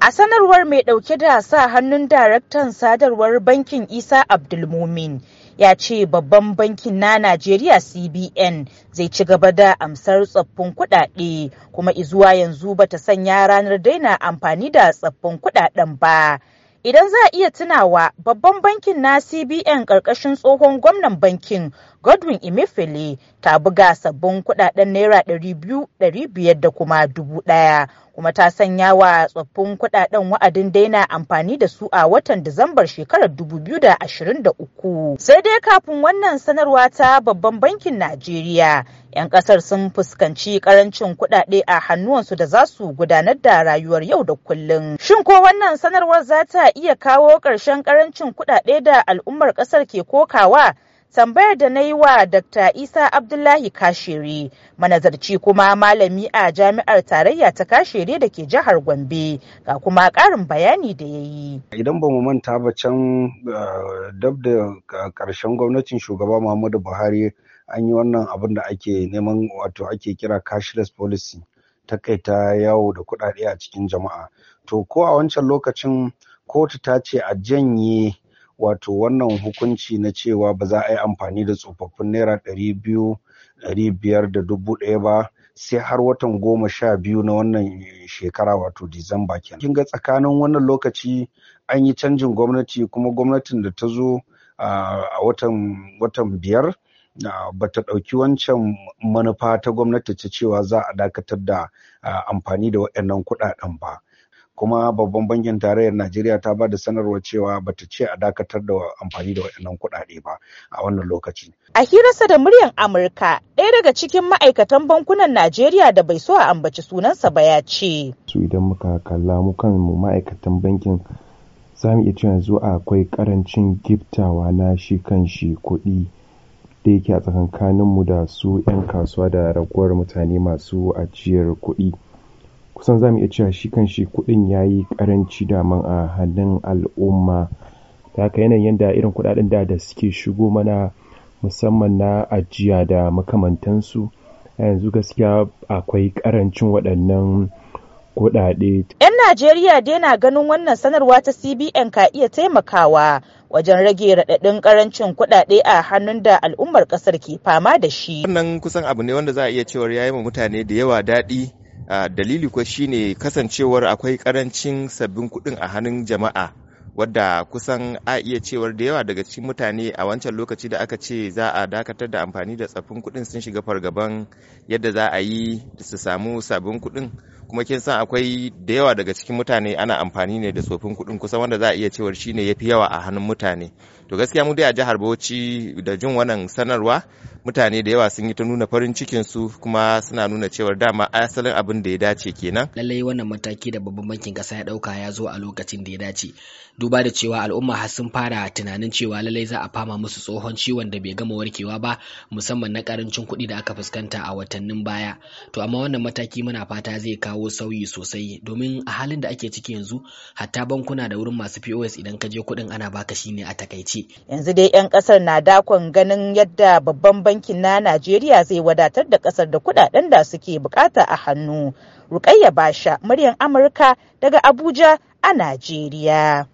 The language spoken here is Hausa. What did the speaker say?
A sanarwar mai ɗauke da sa hannun daraktan sadarwar bankin Isa Abdulmumin ya ce babban bankin na Najeriya CBN zai ci gaba da amsar tsaffin kuɗaɗe kuma izuwa yanzu ba ta sanya ranar daina amfani da tsaffin kuɗaɗen ba. Idan za a iya tunawa babban bankin na CBN ƙarƙashin tsohon gwamnan bankin Godwin Emefiele ta buga sabbin kuɗaɗen naira 200, 500 da kuma 1000 kuma ta sanya wa tsoffin kudaden wa'adin daina amfani da su a watan Disambar shekarar 2023. Sai dai kafin wannan sanarwa ta babban bankin Najeriya 'yan kasar sun fuskanci karancin kudade a hannuwansu da za su gudanar da rayuwar yau da kullum. Shin ko wannan sanarwar za ta iya kawo ƙarshen karancin kudade da al'ummar ƙasar ke kokawa? tambayar da na yi wa Dr. Isa Abdullahi Kashere, manazarci kuma malami a jami'ar tarayya ta Kashere da ke jihar Gombe, ga kuma ƙarin bayani da ya yi. Idan ba mu manta ba can ah, dab da ƙarshen gwamnatin shugaba Muhammadu Buhari an yi wannan abin da ake neman wato ake kira cashless policy ta takaita yawo da kuɗaɗe a cikin jama'a. To ko a wancan lokacin kotu ta ce a janye wato wannan hukunci na cewa ba za a yi amfani da tsofaffin naira ɗari biyu ɗari biyar da dubu ɗaya ba sai har watan goma sha biyu na wannan shekara wato disamba kenan kin ga tsakanin wannan lokaci an yi canjin gwamnati kuma gwamnatin da ta zo a watan biyar ba ta ɗauki wancan manufa ta gwamnati ta cewa za a dakatar da amfani da waɗannan kuɗaɗen ba kuma babban bankin tarayyar najeriya ta ba da sanarwar cewa bata ce a dakatar da amfani da waɗannan kuɗaɗe ba a wannan lokaci a hirarsa da muryar amurka ɗaya daga cikin ma'aikatan bankunan najeriya da bai so a ambaci sunansa ba ya ce su idan muka kalla mu mu ma'aikatan bankin za mu iya cewa yanzu akwai karancin giftawa na shi kan shi kuɗi da yake a tsakankaninmu da su 'yan kasuwa da raguwar mutane masu ajiyar kuɗi kusan za mu iya cewa shi kanshi kuɗin ya yi ƙaranci daman a hannun al'umma ta haka yanayin yadda irin kuɗaɗen da da suke shigo mana musamman na ajiya da makamantansu yanzu gaskiya akwai ƙarancin waɗannan kuɗaɗe. 'Yan Najeriya dai na ganin wannan sanarwa ta CBN ka iya taimakawa wajen rage raɗaɗin ƙarancin kuɗaɗe a hannun da al'ummar ƙasar ke fama da shi. Wannan kusan abu ne wanda za a iya cewar ya yi ma mutane da yawa daɗi dalili kuwa shine kasancewar akwai karancin sabbin kuɗin a hannun jama'a wadda kusan a iya cewar da yawa daga cikin mutane a wancan lokaci da aka ce za a dakatar da amfani da tsaffin kuɗin sun shiga fargaban yadda za a yi su samu sabbin kuɗin kuma kin san akwai da yawa daga cikin mutane ana amfani ne da tsofin kuɗin kusan wanda za a iya cewar shine yafi yawa a hannun mutane to gaskiya mu dai a jihar Bauchi da jin wannan sanarwa mutane da yawa sun yi ta nuna farin cikin su kuma suna nuna cewar dama asalin abin da ya dace kenan lallai wannan mataki da babban bankin kasa ya dauka ya zo a lokacin da ya dace duba da cewa al'umma har sun fara tunanin cewa lallai za a fama musu tsohon ciwon da bai gama warkewa ba musamman na karancin kuɗi da aka fuskanta a watannin baya to amma wannan mataki muna fata zai kawo sauyi sosai domin a halin da ake ciki yanzu hatta bankuna da wurin masu POS idan ka je kuɗin ana baka shine a takaice yanzu dai 'yan ƙasar na dakon ganin yadda babban bankin na Najeriya zai wadatar da kasar da kudaden da suke bukata a hannu. Rukayya Basha, muryar Amurka daga Abuja a Najeriya.